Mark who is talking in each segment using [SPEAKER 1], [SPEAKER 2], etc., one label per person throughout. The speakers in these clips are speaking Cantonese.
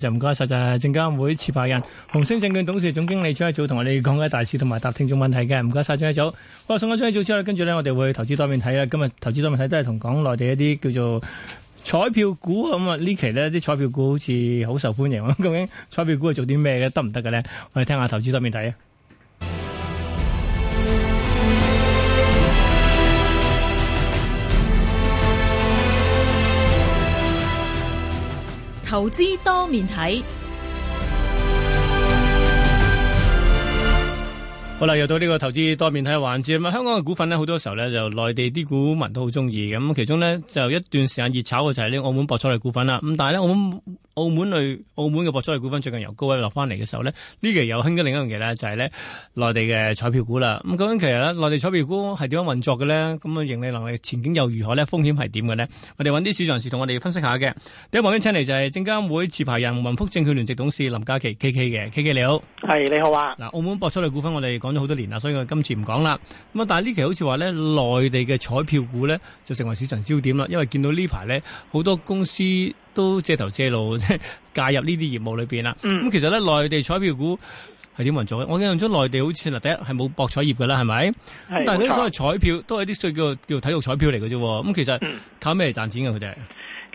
[SPEAKER 1] 就唔該晒，就係證監會持牌人紅星證券董事總經理張一祖同我哋講下大事同埋答聽眾問題嘅，唔該晒張一祖。我送阿張一祖出去，跟住呢，我哋會投資多面睇啦。今日投資多面睇都係同講內地一啲叫做彩票股，咁啊呢期呢啲彩票股好似好受歡迎。究竟彩票股係做啲咩嘅？得唔得嘅呢？我哋聽下投資多面睇啊。
[SPEAKER 2] 投
[SPEAKER 1] 資多面睇，好啦，又到呢個投資多面睇嘅環節。咁啊，香港嘅股份呢，好多時候呢就內地啲股民都好中意。咁其中呢就一段時間熱炒嘅就係呢澳門博彩嘅股份啦。咁但係呢，澳門。澳門類澳門嘅博彩類股份最近由高位落翻嚟嘅時候呢，呢期又興咗另一樣嘢呢，就係咧內地嘅彩票股啦。咁、嗯、究竟其實咧，內地彩票股係點樣運作嘅呢？咁、嗯、啊盈利能力前景又如何呢？風險係點嘅呢？我哋揾啲市場人士同我哋分析下嘅。第一位請嚟就係證監會持牌人、民福證券聯席董事林嘉琪 K K 嘅。K K 你好，
[SPEAKER 2] 係你好啊。嗱，
[SPEAKER 1] 澳門博彩類股份我哋講咗好多年啦，所以我今次唔講啦。咁啊，但係呢期好似話咧，內地嘅彩票股呢，就成為市場焦點啦，因為見到呢排呢好多公司。都借頭借路，即 係介入呢啲業務裏邊啦。咁、嗯、其實咧，內地彩票股係點運作嘅？我印象中，內地好似嗱，第一係冇博彩業噶啦，係咪？是但係嗰啲所謂彩票錯都係啲所謂叫叫體育彩票嚟嘅啫。咁、嗯、其實靠咩嚟賺錢嘅佢哋？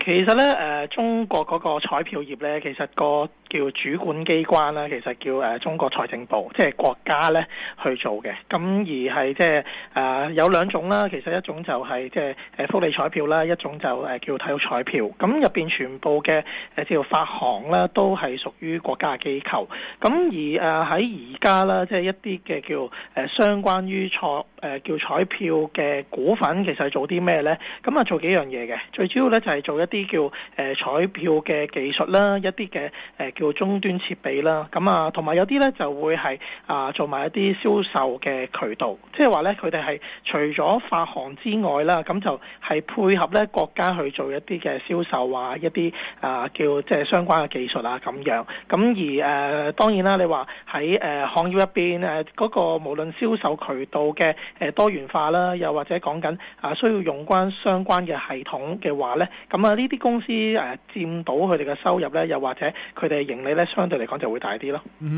[SPEAKER 2] 其實咧，誒、呃、中國嗰個彩票業咧，其實個叫主管機關啦，其實叫誒、呃、中國財政部，即係國家咧去做嘅。咁而係即係誒有兩種啦，其實一種就係即係誒福利彩票啦，一種就誒叫體育彩票。咁入邊全部嘅誒叫發行啦，都係屬於國家嘅機構。咁而誒喺而家啦，即係一啲嘅叫誒相關於彩。誒叫彩票嘅股份其實係做啲咩咧？咁啊做幾樣嘢嘅，最主要咧就係做一啲叫誒、呃、彩票嘅技術啦，一啲嘅誒叫終端設備啦。咁啊同埋有啲咧就會係啊、呃、做埋一啲銷售嘅渠道，即係話咧佢哋係除咗發行之外啦，咁就係配合咧國家去做一啲嘅銷售啊，一啲啊、呃、叫即係相關嘅技術啊咁樣。咁而誒、呃，當然啦，你話喺誒行業入邊誒嗰個無論銷售渠道嘅。誒、呃、多元化啦，又或者講緊啊，需要用關相關嘅系統嘅話咧，咁啊呢啲公司誒、啊、佔到佢哋嘅收入咧，又或者佢哋嘅盈利咧，相對嚟講就會大啲咯。嗯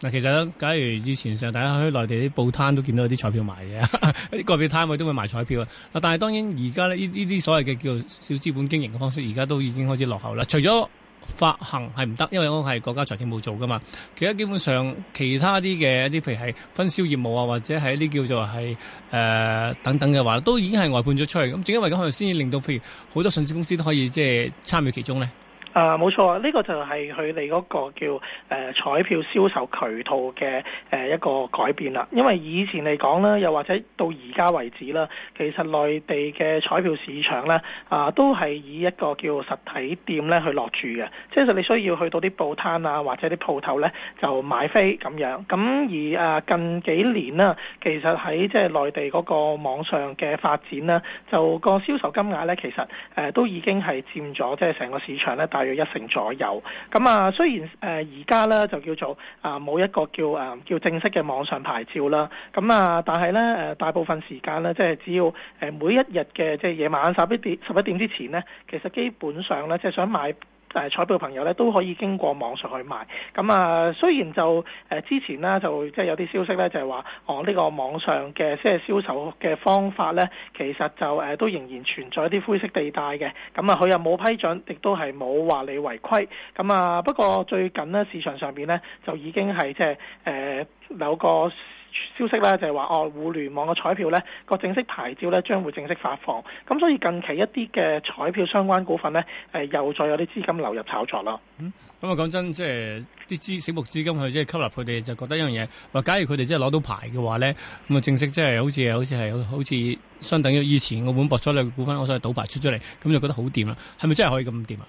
[SPEAKER 2] 哼，
[SPEAKER 1] 嗱其實咧，假如以前上大家喺內地啲報攤都見到有啲彩票賣嘅，啲個別攤位都會賣彩票啊。嗱，但係當然而家呢呢啲所謂嘅叫小資本經營嘅方式，而家都已經開始落後啦。除咗發行係唔得，因為我係國家財政部做㗎嘛。其實基本上其他啲嘅一啲，譬如係分銷業務啊，或者係一啲叫做係誒、呃、等等嘅話，都已經係外判咗出去。咁正因為咁樣，可能先至令到譬如好多上市公司都可以即係、就是、參與其中咧。
[SPEAKER 2] 啊，冇錯啊！呢、這個就係佢哋嗰個叫誒、呃、彩票銷售渠道嘅誒、呃、一個改變啦。因為以前嚟講咧，又或者到而家為止啦，其實內地嘅彩票市場呢，啊、呃、都係以一個叫實體店咧去落注嘅，即係你需要去到啲報攤啊或者啲鋪頭呢，就買飛咁樣。咁而啊近幾年啦，其實喺即係內地嗰個網上嘅發展咧，就個銷售金額呢，其實誒、呃、都已經係佔咗即係成個市場呢大。約一成左右，咁啊雖然誒而家咧就叫做啊冇一個叫誒叫正式嘅網上牌照啦，咁啊但係咧誒大部分時間咧即係只要誒每一日嘅，即係夜晚十一點十一點之前咧，其實基本上咧即係想買。 誒彩票朋友咧都可以經過網上去買，咁啊雖然就誒、呃、之前呢，就即係有啲消息咧就係話我呢個網上嘅即係銷售嘅方法咧，其實就誒、啊、都仍然存在一啲灰色地帶嘅，咁啊佢又冇批准，亦都係冇話你違規，咁啊不過最近呢，市場上邊咧就已經係即係誒、呃、有個消息咧就係、是、話哦，互聯網嘅彩票咧個正式牌照咧將會正式發放咁、嗯，所以近期一啲嘅彩票相關股份咧誒、呃、又再有啲資金流入炒作啦、嗯。
[SPEAKER 1] 嗯，咁啊講真，即係啲資醒目資金去即係吸納佢哋，就覺得一樣嘢話，假如佢哋即係攞到牌嘅話咧，咁啊正式即、就、係、是、好似好似係好似相等於以前嗰本博彩類嘅股份，我所以賭牌出咗嚟咁，就覺得好掂啦。係咪真係可以咁掂啊？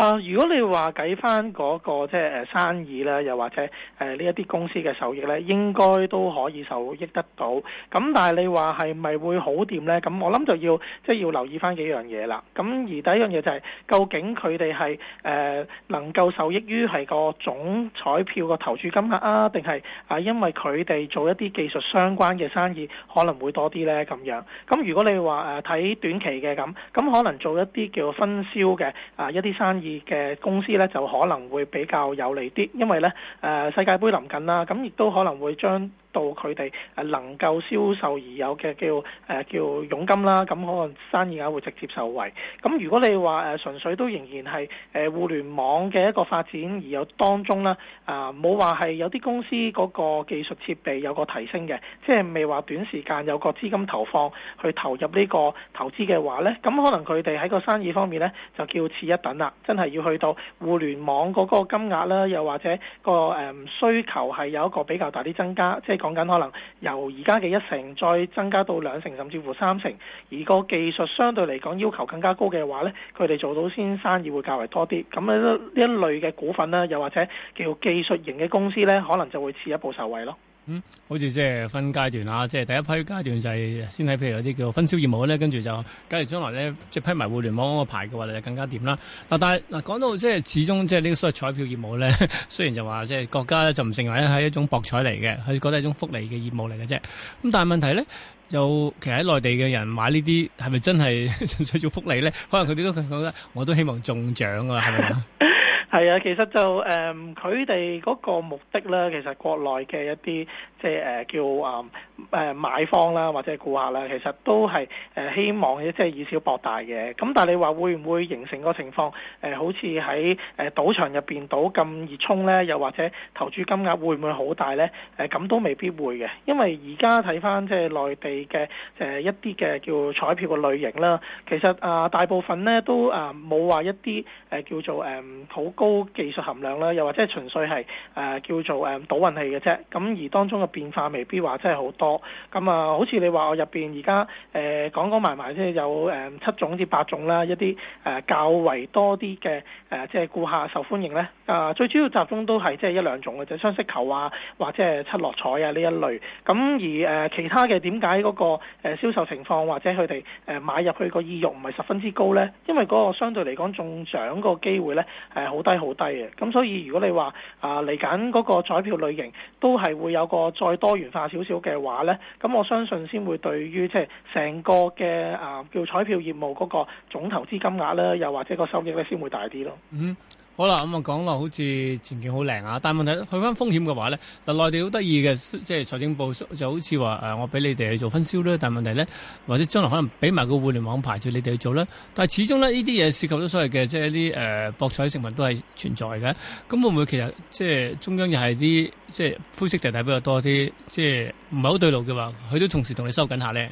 [SPEAKER 2] 啊，如果你話計翻嗰個即係誒生意咧，又或者誒呢一啲公司嘅收益咧，應該都可以受益得到。咁但係你話係咪會好掂咧？咁我諗就要即係、就是、要留意翻幾樣嘢啦。咁而第一樣嘢就係、是、究竟佢哋係誒能夠受益於係個總彩票個投注金額啊，定係啊因為佢哋做一啲技術相關嘅生意可能會多啲咧咁樣。咁如果你話誒睇短期嘅咁，咁可能做一啲叫分銷嘅啊一啲生意嘅公司咧，就可能會比較有利啲，因為咧誒、呃，世界盃臨近啦，咁亦都可能會將到佢哋誒能夠銷售而有嘅叫誒、呃、叫佣金啦，咁可能生意額會直接受惠。咁如果你話誒、呃、純粹都仍然係誒、呃、互聯網嘅一個發展而有當中啦，啊冇話係有啲公司嗰個技術設備有個提升嘅，即係未話短時間有個資金投放去投入呢個投資嘅話咧，咁可能佢哋喺個生意方面咧就叫次一等啦，真係要去到互聯網嗰個金額啦，又或者、個誒、呃、需求係有一個比較大啲增加，即係。講緊可能由而家嘅一成再增加到兩成，甚至乎三成，而個技術相對嚟講要求更加高嘅話呢，佢哋做到先生意會較為多啲。咁咧呢一類嘅股份啦，又或者叫技術型嘅公司呢，可能就會遲一步受惠咯。
[SPEAKER 1] 嗯，好似即係分階段啊，即係第一批階段就係先喺譬如有啲叫分銷業務咧，跟住就假如將來咧，即係批埋互聯網嗰個牌嘅話，就更加掂啦。嗱，但係嗱，講到即係始終即係呢個所謂彩票業務咧，雖然就話即係國家咧就唔成為咧係一種博彩嚟嘅，佢覺得係一種福利嘅業務嚟嘅啫。咁但係問題咧，有其實喺內地嘅人買呢啲係咪真係純粹 做福利咧？可能佢哋都覺得我都希望中獎噶，係咪啊？是
[SPEAKER 2] 係啊，其實就誒佢哋嗰個目的咧，其實國內嘅一啲即係誒、呃、叫啊誒買方啦，或者係顧客啦，其實都係誒希望即係以小博大嘅。咁但係你話會唔會形成嗰個情況？誒、呃、好似喺誒賭場入邊賭咁熱衷咧，又或者投注金額會唔會好大咧？誒、呃、咁都未必會嘅，因為而家睇翻即係內地嘅誒一啲嘅叫彩票嘅類型啦，其實啊、呃、大部分咧都啊冇話一啲誒、呃、叫做誒好。嗯高技術含量啦，又或者係純粹係誒、呃、叫做誒賭運氣嘅啫。咁、嗯、而，而當中嘅變化未必話真係好多。咁、嗯、啊，好似你話我入邊而家誒講講埋埋即係有誒七種至八種啦，一啲誒、呃、較為多啲嘅誒即係顧客受歡迎咧。啊，最主要集中都係即係一兩種嘅啫，雙色球啊，或者係七樂彩啊呢一類。咁、嗯、而誒、呃、其他嘅點解嗰個誒銷售情況或者佢哋誒買入去個意欲唔係十分之高咧？因為嗰個相對嚟講中獎個機會咧誒好多。低好低嘅。咁所以如果你話啊嚟緊嗰個彩票類型，都係會有個再多元化少少嘅話咧，咁我相信先會對於即係成個嘅啊叫彩票業務嗰個總投資金額咧，又或者個收益咧，先會大啲咯。嗯。
[SPEAKER 1] 好啦，咁啊，講落好似前景好靚啊，但係問題去翻風險嘅話咧，嗱，內地好得意嘅，即係財政部就好似話誒，我俾你哋去做分銷咧。但係問題咧，或者將來可能俾埋個互聯網牌照你哋去做咧。但係始終咧，呢啲嘢涉及咗所謂嘅即係一啲誒、呃、博彩食物都係存在嘅。咁會唔會其實即係中央又係啲即係灰色地帶比較多啲，即係唔係好對路嘅話，佢都同時同你收緊下咧？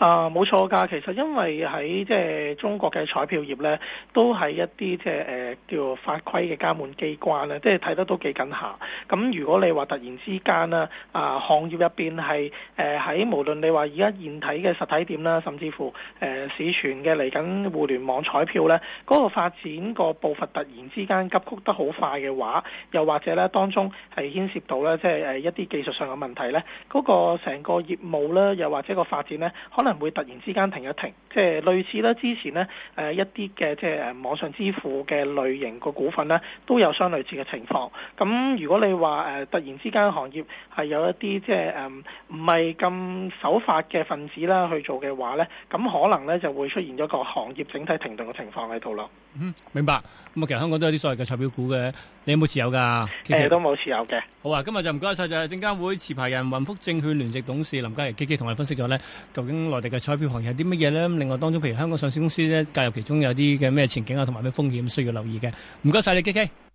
[SPEAKER 2] 啊，冇錯㗎。其實因為喺即係中國嘅彩票業呢，都係一啲即係誒叫法規嘅監管機關咧，即係睇得都幾緊下。咁、啊、如果你話突然之間啦，啊行業入邊係誒喺無論你話而家現體嘅實體店啦，甚至乎誒、呃、市傳嘅嚟緊互聯網彩票呢，嗰、那個發展個步伐突然之間急曲得好快嘅話，又或者咧當中係牽涉到咧即係誒一啲技術上嘅問題呢，嗰、那個成個業務咧，又或者個發展呢，可能。可能會突然之間停一停，即係類似啦。之前呢，誒、呃、一啲嘅即係誒網上支付嘅類型個股份呢，都有相類似嘅情況。咁如果你話誒、呃、突然之間行業係有一啲即係誒唔係咁守法嘅份子啦去做嘅話呢，咁可能呢就會出現咗個行業整體停頓嘅情況喺度咯。嗯，
[SPEAKER 1] 明白。咁其實香港都有啲所謂嘅彩票股嘅，你有冇持有㗎？誒、呃，都冇持有嘅。好啊，今日就唔該晒，就係證監會持牌人雲福證券聯席董事林嘉怡姐姐同我分析咗呢，究竟我哋嘅彩票行業有啲乜嘢呢？另外當中，譬如香港上市公司呢，介入其中有啲嘅咩前景啊，同埋咩風險需要留意嘅？唔該晒，你，K K。